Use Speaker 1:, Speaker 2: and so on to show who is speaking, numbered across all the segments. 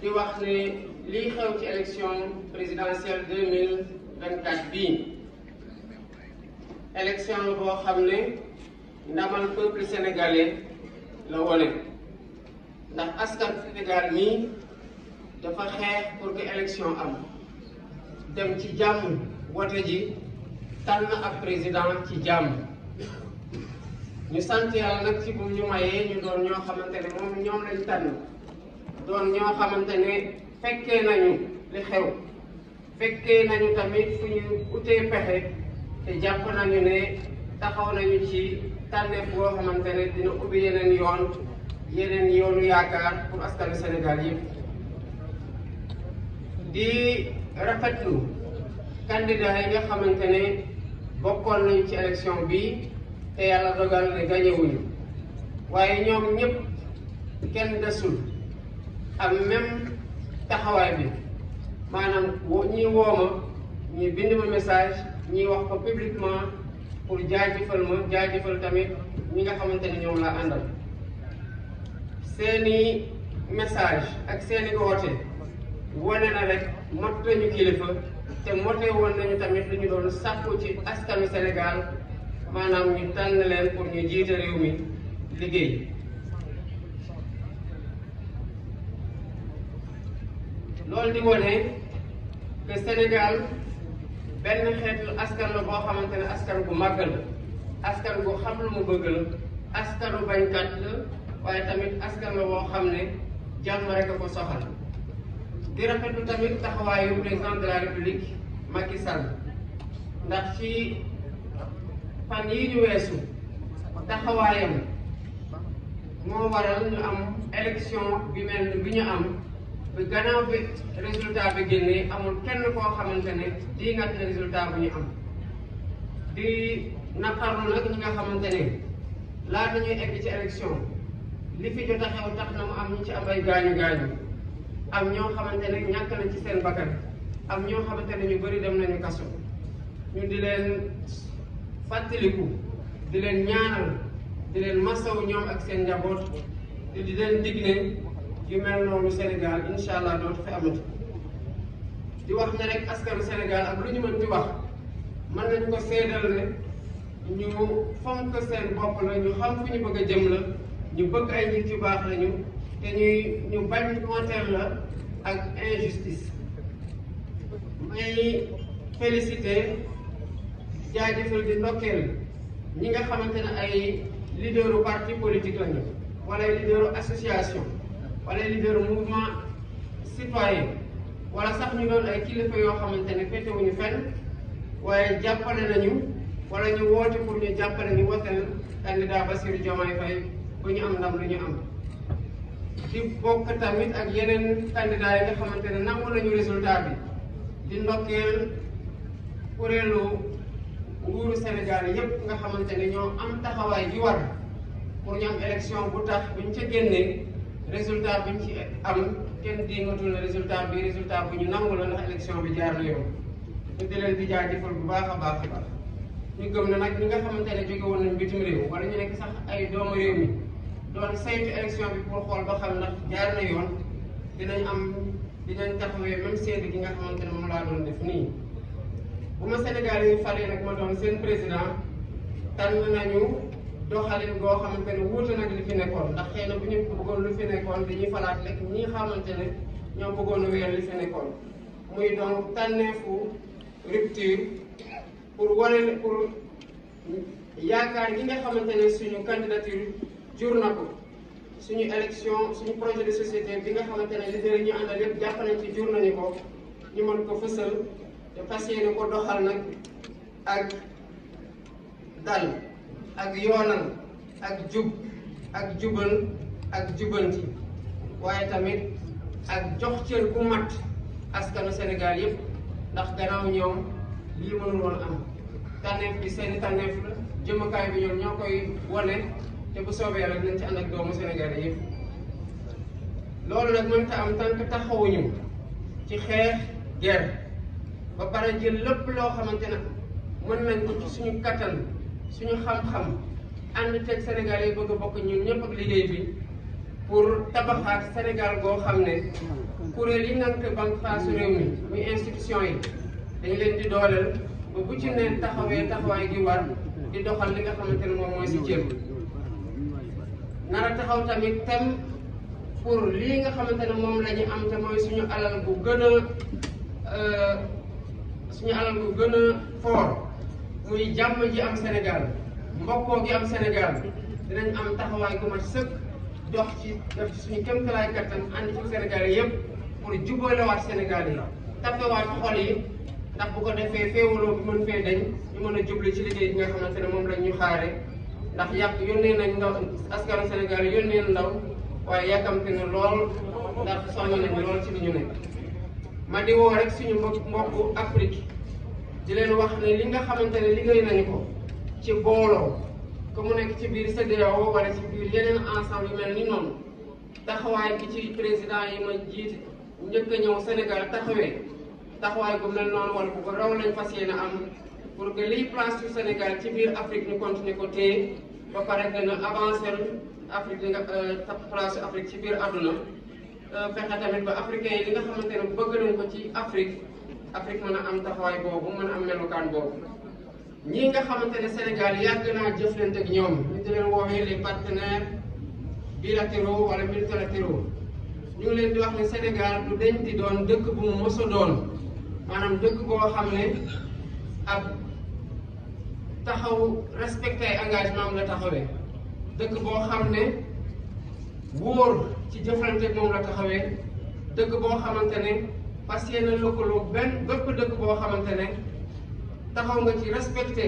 Speaker 1: di wax ne lii xew ci élection présidentielle deux mille vingt quatre bii élection boo xam ne ndamal peuple ndax askan Sénégal nii dafa xeex pour que élection am dem ci jàmm wote ji tànn ak président ci jàmm ñu sant yàlla nag ci bu ñu mayee ñu doon ñoo xamante ne moom ñoom lañ tànn. doon ñoo xamante ne fekkee nañu li xew fekkee nañu tamit fu ñu utee pexe te jàpp nañu ne taxaw nañu ci tànneef boo xamante ne dina ubbi yeneen yoon yeneen yoonu yaakaar pour askanu Sénégal yi di rafetlu candidat yi nga xamante ne bokkoon nañu ci élection bi te yàlla dogal ne gañewuñu waaye ñoom ñëpp kenn desul ak même taxawaay bi maanaam woo ñii woo ma ñii bind ma message ñii wax ko publiquement pour jaajëfal ma jaajëfal tamit ñi nga xamante ne ñoom laa àndal seeni message ak seeni woote wone na rek mot nañu kilifa te mote woon nañu tamit lu ñu doon sàkku ci askanu Sénégal maanaam ñu tànn leen pour ñu jiite réew mi liggéey loolu di wane que Sénégal benn xeetu askan la boo xamante ne askan bu màgg la xam lu mu bëgg la askanu bañkat la xam ne jàmm rek a ko soxal di rafetlu tamit taxawaayu président de la république Macky ndax ci fan yii ñu weesu taxawaayam moo waral ñu am élection bi mel bi ñu am bi gannaaw bi résultat bi génnee amul kenn koo xamante ne lii nag résultat bu ñu am di naqarlu nag ñi nga xamante ne laata ñuy egg ci élection li fi jot a xew tax na mu am ñu ci am ay gaañu gaañu am ñoo xamante ne ñàkk na ci seen bakkan am ñoo xamante ne ñu bari dem nañu kaso ñu di leen fàttaliku di leen ñaanal di leen masawu ñoom ak seen njaboot te di leen dig ne yu mel noonu Sénégal incha allah dootu fi di wax na rek askanu Sénégal ak lu ñu mën di wax mën nañ ko seedal ne ñu fonk seen bopp la ñu xam fu ñu bëgg a jëm la ñu bëgg ay nit yu baax nañu te ñuy ñu bañ monteel la ak injustice may félicité jaajëfal di ndokkeel ñi nga xamante ne ay leaderu parti politique lañu wala leaderu association wala leader mouvement citoyen wala sax ñu doon ay kilifa yoo xamante ne féetewuñu fenn waaye jàppale nañu wala ñu woote pour ñu jàppale ñu woteel candidat Bassirou Diomaye Faye bu ñu am ndam lu ñu am. di bokk tamit ak yeneen candidat yi nga xamante ne nangu nañu résultat bi di ndokkeel kuréelu nguuru Sénégal yépp nga xamante ne ñoo am taxawaay bi war pour ñu am élection bu tax buñ ca génnee. résultat bi ñu ci am kenn déngatul na résultat bi résultat bu ñu nangu la ndax élection bi jaar na yoon ñu di leen di jaajëfal bu baax a baax a baax ñu gëm na nag ñi nga xamante ne jóge woon nañ bitim réew wala ñu nekk sax ay doomu réew mi doon saytu élection bi pour xool ba xam ndax jaar na yoon dinañ am dinañ taxawee même seede ki nga xamante ne moom laa doon def nii bu ma Sénégal yi falee nag ma doon seen président tànn nañu doxalin goo xamante ne wuute nag li fi nekkoon ndax xëy na bu ñu bëggoon lu fi nekkoon dañuy falaat rek ñi xamante ne ñoo bëggoon a wéyal li fi nekkoon muy donc tànneefu rupture pour wane pour yaakaar ñi nga xamante ne suñu candidature jur na ko suñu élection suñu projet de société bi nga xamante ne leader ñu àndal yëpp jàpp nañ ci jur nañu ko ñu mën ko fësal te fas yéene ko doxal nag ak dal ak yoonal ak jub ak jubal ak jubanti waaye tamit ak jox cër bu mat askanu Sénégal yëpp ndax gannaaw ñoom lii mënul woon am tànneef bi seeni tànneef la jëmakaay bi ñoom ñoo koy wale te bu soobee rek nañ ci ànd ak doomu Sénégal yëpp loolu nag mënta am tànk taxawuñu ci xeex guerre ba pare jël lépp loo xamante ne mën nañ ko ci suñu kattan suñu xam-xam ànd teg Sénégal yi bëgg a bokk ñun ñëpp ak liggéey bi pour tabaxaat Sénégal goo xam ne kuréel yi nank banque faasu réew mi muy institution yi dañu leen di dooleel ba bu ci neen taxawee taxawaay gi war di doxal li nga xamante ne moom mooy si cër nar a taxaw tamit tem pour lii nga xamante ne moom la am te mooy suñu alal bu gën a euh, suñu alal bu gën a muy jàmm ji am Sénégal mbokkoo gi am Sénégal dinañ am taxawaay gu mat sëkk dox ci def ci suñu kéemtalaay kattan ànd ci Sénégal yëpp pour jubalewaat Sénégal yi tappewaat xol yi ndax bu ko defee féewaloo bu mën fee dañ ñu mën a jublu ci liggéey bi nga xamante ne moom lañ ñu xaare ndax yàq yónnee nañ ndaw askanu Sénégal yónnee ndaw waaye yàkkamte na lool ndax soññ nañ lool ci li ñu nekk ma di woo rek suñu mbokk mbokku Afrique di leen wax ne li nga xamante ne liggéey nañu ko ci booloo que mu ci biir CEDEAO wala ci biir yeneen ensemble mel ni noonu taxawaay bi ci président yi ma jiit njëkk a ñëw Sénégal taxawee taxawaay bu mel noonu wala bu ko raw lañ fas yéene am pour que liy place du Sénégal ci biir Afrique ñu continuer ko téye ba pare gën a avancer Afrique li nga euh, place Afrique ci biir àdduna euh, fexe tamit ba africain yi li nga xamante ne bëgg nañ ko ci Afrique. Afrique mën a am taxawaay boobu mën a am melokaan boobu ñii nga xamante ne Sénégal yàgg naa jëflante ak ñoom ñu di leen woowee les partenaires bilatéraux wala multilatéraux ñu leen di wax ne Sénégal du dañ di doon dëkk bu mu mos doon maanaam dëkk boo xam ne ab taxaw respecté ay engagement am la taxawee dëkk boo xam ne wóor ci jëflante moom la taxawee dëkk boo xamante ne. fas yéene lëkkaloo benn bëpp dëkk boo xamante ne taxaw nga ci respecté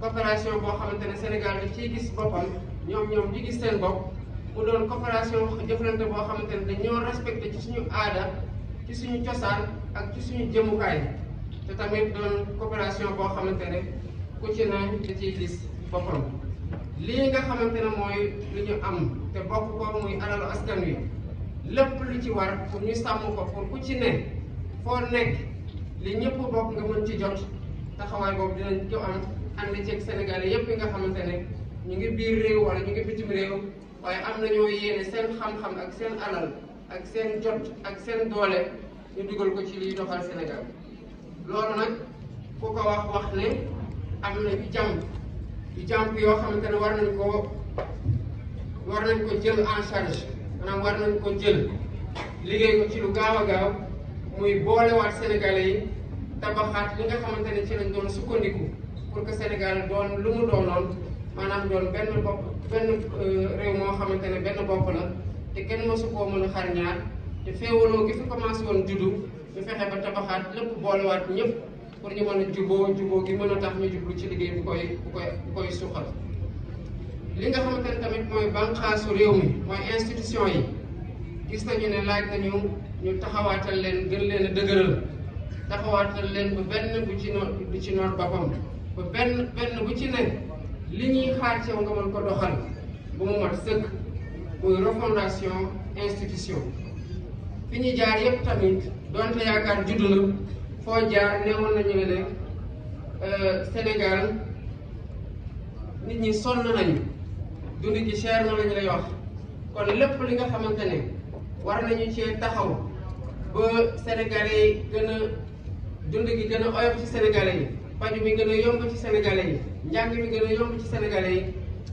Speaker 1: coopération boo xamante ne Sénégal daf ciy gis boppam ñoom ñoom di gis seen bopp mu doon coopération jëflante boo xamante ne dañoo respecté ci suñu aada ci suñu cosaan ak ci suñu jëmukaay te tamit doon coopération boo xamante ne ku ci ne da ciy gis boppam lii nga xamante ne mooy lu ñu am te bokk ko muy alalu askan wi lépp lu ci war pour ñu sàmm ko pour ku ci ne foo nekk li ñëpp bokk nga mën ci jot taxawaay boobu dinañ ko am ànd ceeg Sénégalais yépp yi nga xamante ne ñu ngi biir réew wala ñu ngi bitim réew waaye am nañoo yéene sen xam-xam ak seen alal ak seen jot ak seen doole ñu dugal ko ci liy doxal Sénégal loolu na ku ko wax wax ne am na yu jam yu jàmp yoo xamante ne war nañ ko war nañ ko jël en charge maanaam war nañ ko jël liggéey ko ci lu gaaw a gaaw muy boolewaat sénégalais yi tabaxaat li nga xamante ne ci lañ doon sukkandiku pour que Sénégal doon lu mu doonoon maanaam doon benn bopp benn euh, réew moo xamante ne benn bopp la te kenn mosu koo mën a xar ñaar te féewaloo gi fi commencé woon juddu ñu fexe ba tabaxaat lépp waat ñëpp pour ñu mën a juboo juboo gi mën a tax ñu jublu ci liggéey bu koy bu koy bu koy li nga xamante ne tamit mooy bànqaasu réew mi mooy institution yi gis nañu ne laaj nañu ñu taxawaatal leen gën leen a dëgëral taxawaatal leen ba benn bu ci noor ba ci noor ba benn benn bu ci ne li ñuy xaar ci yow nga mën ko doxal bu mu mat sëkk muy refondation institution fi ñu jaar yépp tamit donte yaakaar juddu na foo jaar newoon nañu ne euh, Sénégal nit ñi sonn nañu dund gi cher moom lañ lay wax kon lépp li nga xamante ne war nañu cee taxaw ba sénégalais yi gën a dund gi gën a oyof ci sénégalais yi paju mi gën a yomb ci sénégalais yi njàng bi gën a yomb ci sénégalais yi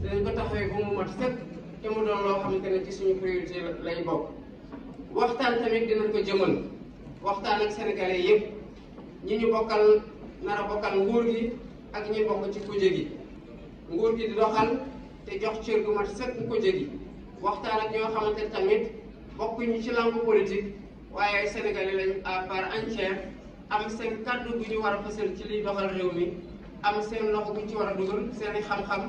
Speaker 1: dinañ ko taxawee ba mu mat sëkk te mu doon loo xamante ne ci suñu priorité lay bokk waxtaan tamit dinañ ko jëmal waxtaan ak sénégalais yëpp ñi ñu bokkal nar a bokkal nguur gi ak ñi bokk ci kuje gi nguur gi di doxal te jox cër gu mat sëkk ko jëli waxtaan ak ñoo xamante tamit bokkuñu ci langue politique waaye sénégalais lañ à part entière am seen kàddu gu ñu war a fësal ci liy doxal réew mi am seen loxo gu ñu ci war a dugal seen i xam-xam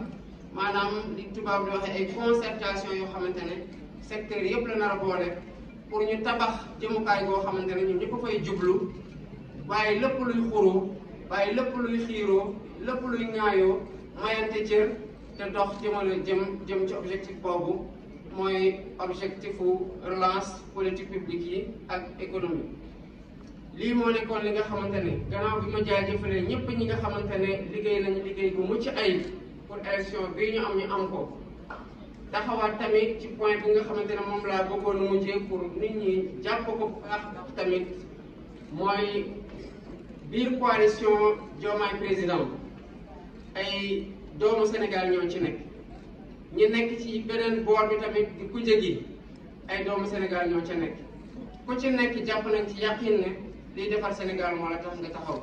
Speaker 1: maanaam li tubaab di waxee ay concertation yoo xamante ne secteur yëpp la nar a boole pour ñu tabax jëmukaay goo xamante ne ñun ko fay jublu waaye lépp luy xuroo waaye lépp luy xiiroo lépp luy ñaayoo mayante cër. te dox jëmale jëm jëm ci objectif boobu mooy objectifu relance politique publique yi ak économie lii moo nekkoon li nga xamante ne gannaaw bi ma jaajëfalee ñëpp ñi nga xamante ne liggéey lañu liggéey bu mucc ay pour élection bii ñu am ñu am ko taxawaat tamit ci point bi nga xamante ne moom laa bëggoon mujjee pour nit ñi jàpp ko baax tamit mooy biir coalition Diomaye président ay doomu Sénégal ñoo ci nekk ñi nekk ci beneen boor bi tamit di kujje gi ay doomu Sénégal ñoo ca nekk ku ci nekk jàpp nañ ci yàqin ne liy defar Sénégal moo la tax nga taxaw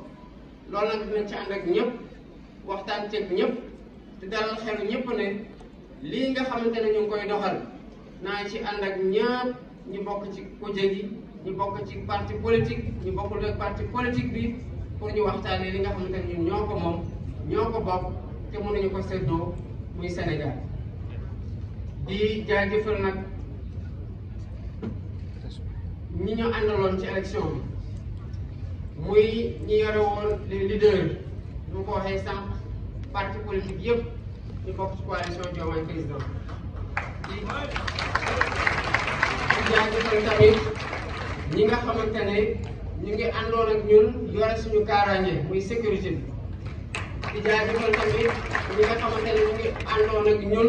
Speaker 1: loolu nag dinañ ci ànd ak ñëpp waxtaan ceeg ñëpp te dalal ñëpp ne lii nga xamante ne ñu ngi koy doxal naa ci ànd ak ñëpp ñu bokk ci kujje gi ñu bokk ci parti politique ñu bokkul ak parti politique bi pour ñu waxtaanee li nga xamante ne ñun ñoo ko moom ñoo ko bokk. te mënuñu ko seddoo muy Sénégal di jaajëfal nag ñi ñu àndaloon ci élection bi muy ñi yore woon les leaders ñu ko waxee sànq parti politique yëpp ñu bokk ci coalition Diomaye président di jaajëfal tamit ñi nga xamante ne ñu ngi àndoon ak ñun yore suñu kaaraange muy sécurité bi di jaajëfal tamit ñi nga xamante ne ñu ngi àndoon ak ñun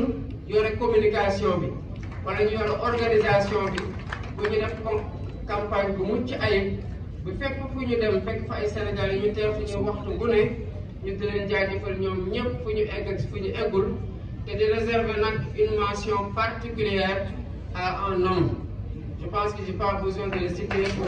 Speaker 1: yore communication bi wala ñu yore organisation bi bu ñu def campagne bu mucc ay bu fekk fu ñu dem fekk fa ay Sénégal yi ñu teew fi ñu waxtu gu ne ñu di leen jaajëfal ñoom ñëpp fu ñu egg ak fu ñu eggul te di réserver nag une mention particulière un homme je pense que j'ai pas besoin de le citer pour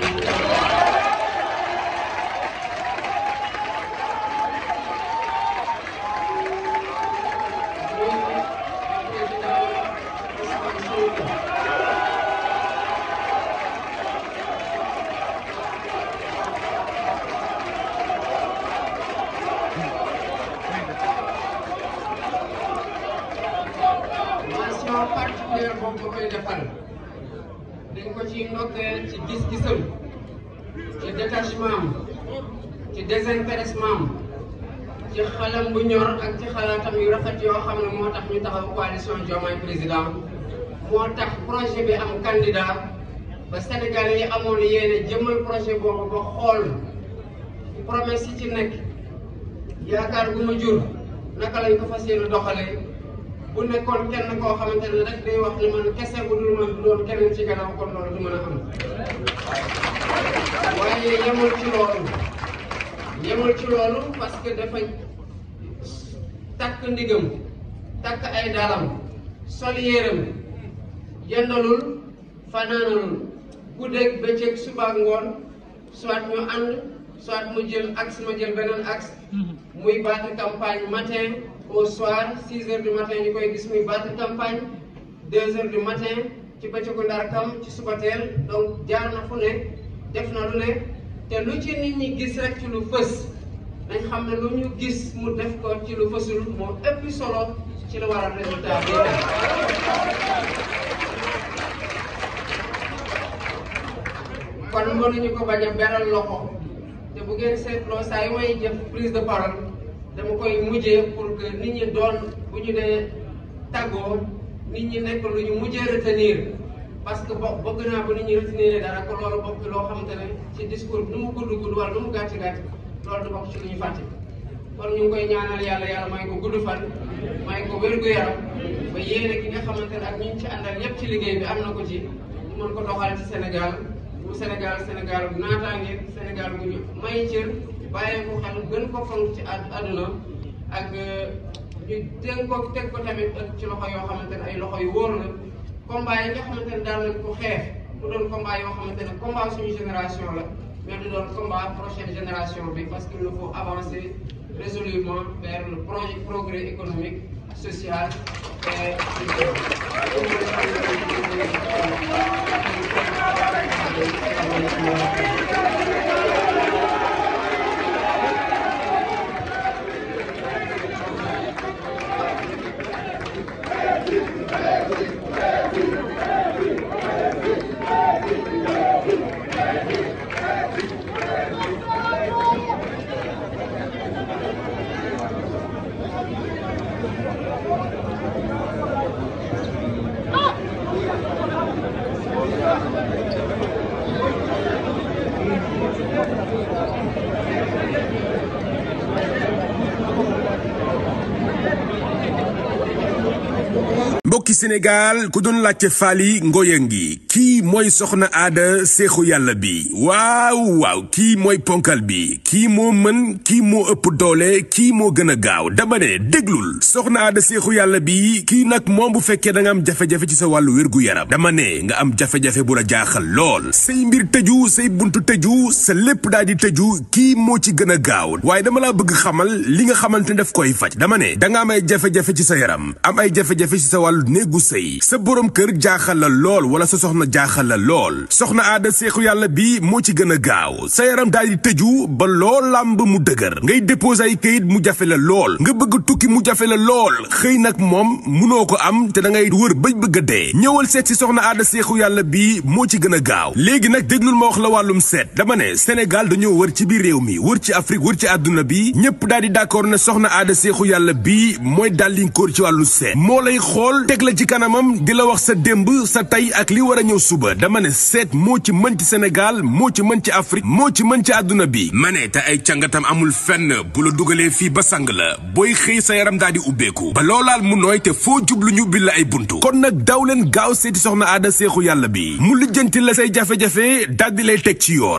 Speaker 1: ci xalam bu ñor ak ci xalaatam yu rafet yoo xam ne moo tax ñu taxaw coalition Diomaye président moo tax projet bi am candidat ba Sénégal yi amoon yéene jëmmal projet boobu ba xool promesse yi ci nekk yaakaar bu ma jur naka lañ ko fas yéene doxalee bu nekkoon kenn koo xamante ne rek day wax ni man kese bu dul man loolu keneen ci gannaaw kon du mën a am waaye yemul ci loolu yemul ci loolu parce que dafa takk ndigam takk ay dalam sol yéeram yendalul fanaanalul guddeeg bëccëg suba ngoon soit ñu ànd soit mu jël axe ma jël beneen axe muy battre campagne matin au soir 6 heures du matin ñu koy gis muy battre campagne 2 heures du matin ci bëccëgu ndar ci suba donc jaar na fu ne def na lu ne te lu ci ñi gis rek ci lu fës dañ xam ne lu ñu gis mu def ko ci lu fësul moo ëpp solo ci la waral résultat bi kon mënuñu ko bañ a beral loxo te bu ngeen seetloo saa yu may jëf prise de parole dama koy mujjee pour que nit ñi doon bu ñu dee tàggoo nit ñi nekk lu ñu mujjee retenir parce que bo bëgg naa ba nit ñi retenir dara loo xamante ne ci discours bi nu mu gudd gudd wala nu mu gàtt gàtt loolu du bokk ci lu ñu fàtte kon ñu ngi koy ñaanal yàlla yàlla may ko gudd fan may ko wér gu yaram ba yéene ki nga xamante ne ak ñu ci àndal ñëpp ci liggéey bi am na ko ci ñu mën ko doxal ci senegal bu Sénégal Sénégal bu naataange Sénégal bu ñu may ko xel gën ko ci àdduna ak euh, ñu ko teg ko tamit ci loxo yoo xamante ne ay loxo yu combat yi nga xamante ne daan nañ ko xeex mu doon combat yoo xamante ne combat suñu génération la mais du doon combat prochaine génération bi parce qu'il nous faut avancer résolument vers le projet progrès économique social et culturel.
Speaker 2: mbokki Sénégal ku doon laajte Faly Ngoye ngi kii mooy soxna aada seexu yàlla bi waaw waaw kii mooy ponkal bi kii moo mën kii moo ëpp doole kii moo gën a gaaw dama ne déglul soxna aada seexu yàlla bi kii nag moom bu fekkee danga am jafe-jafe ci sa wàllu wér yaram dama ne nga am jafe bu la jaaxal lool say mbir tëju say buntu tëju sa lépp daal di tëju kii moo ci gën a gaaw waaye dama laa bëgg xamal li nga xamante ne daf koy faj dama ne danga nga am ay jafe-jafe ci sa yaram am ay jafe-jafe ci sa wàllu néegu sëy sa borom kër jaaxal la lool wala sa soxna jaaxal jaaxal la lool soxna aada seexu yàlla bi moo ci gën a gaaw sa yaram daal di tëju ba loo ba mu dëgër ngay déposé ay kayit mu jafe la lool nga bëgg tukki mu jafe la lool xëy nag moom munoo ko am te da ngay wër bañ bëgg dee ñëwal seet si soxna aada seexu yàlla bi moo ci gën a gaaw léegi nag déglul ma wax la wàllum seet dama ne Sénégal dañoo wër ci biir réew mi wër ci Afrique wër ci àdduna bi ñëpp daal di d'accord ne soxna aada seexu yàlla bi mooy dàllinkóor ci wàllu seet moo lay xool teg la ci kanamam di la wax sa démb sa tey ak li war a ñëw suba ba dama ne seet moo ci man ci Sénégal moo ci mën ci Afrique moo ci mën ci àdduna bi ma ne te ay cangatam amul fenn bu la dugalee fii ba sang la booy xëy sa yaram daal di ubbeeku ba loolaal mu nooy te foo jublu ñu bil la ay buntu kon nag daw leen gaaw seeti soxna aada seexu yàlla bi mu lijjanti la say jafe-jafe daal di lay teg ci yoon